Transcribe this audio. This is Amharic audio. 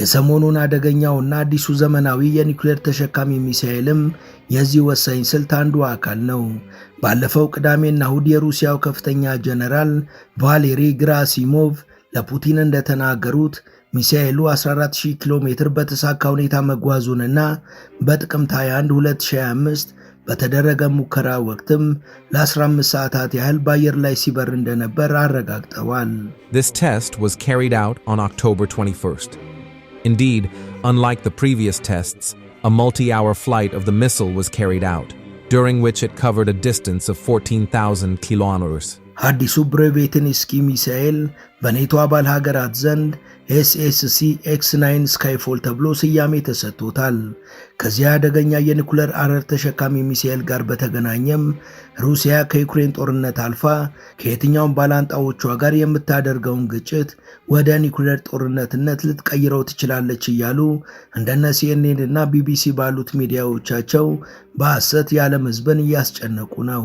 የሰሞኑን አደገኛውና አዲሱ ዘመናዊ የኒውክሌር ተሸካሚ ሚሳኤልም የዚህ ወሳኝ ስልት አንዱ አካል ነው። ባለፈው ቅዳሜና እሁድ የሩሲያው ከፍተኛ ጀነራል ቫሌሪ ግራሲሞቭ ለፑቲን እንደተናገሩት ሚሳኤሉ 140 ኪሎ ሜትር በተሳካ ሁኔታ መጓዙንና በጥቅምት 21 2025 በተደረገ ሙከራ ወቅትም ለ15 ሰዓታት ያህል በአየር ላይ ሲበር እንደነበር አረጋግጠዋል። This test was carried out on October 21st. Indeed, unlike the previous tests, a multi-hour flight of the missile was carried out, during which it covered a distance of 14,000 kilometers. አዲሱ ብሬቬትንስኪ ሚሳኤል በኔቶ አባል ሀገራት ዘንድ ኤስኤስሲ ኤክስ 9 ስካይፎል ተብሎ ስያሜ ተሰጥቶታል። ከዚያ አደገኛ የኒኩለር አረር ተሸካሚ ሚሳኤል ጋር በተገናኘም ሩሲያ ከዩክሬን ጦርነት አልፋ ከየትኛውም ባላንጣዎቿ ጋር የምታደርገውን ግጭት ወደ ኒኩለር ጦርነትነት ልትቀይረው ትችላለች እያሉ እንደነ ሲኤንኤን እና ቢቢሲ ባሉት ሚዲያዎቻቸው በሐሰት የዓለም ሕዝብን እያስጨነቁ ነው።